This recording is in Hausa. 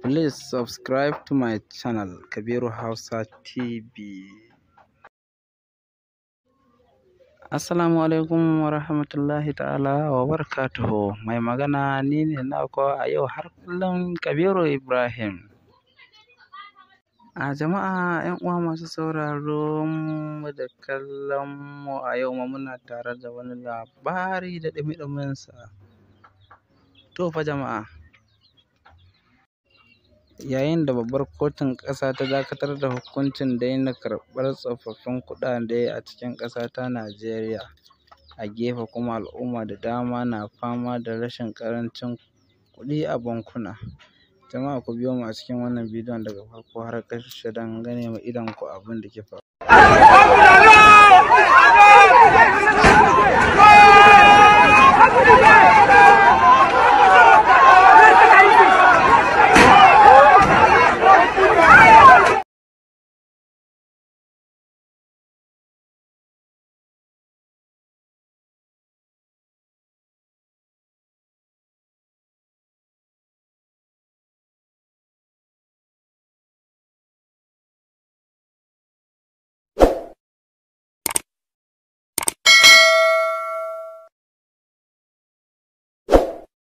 Please subscribe to my channel Kabiru Hausa TV. Assalamu alaikum wa rahmatullahi ta'ala wa barakatuhu. Mai magana ni ne na ko a yau har kullum Kabiru Ibrahim. A jama'a 'yan uwa masu sauraro mu da kallon mu a yau ma muna tare da wani labari da ɗumi-ɗuminsa. To fa jama'a. yayin da babbar kotun ƙasa ta dakatar da hukuncin daina karɓar tsofaffin kuɗaɗe a cikin ƙasa ta Najeriya. A gefe kuma al'umma da dama na fama da rashin ƙarancin kuɗi a bankuna. Jama'a ku biyo mu a cikin wannan bidiyon daga farko har ƙarshe don ganewa ku abin da ke faruwa.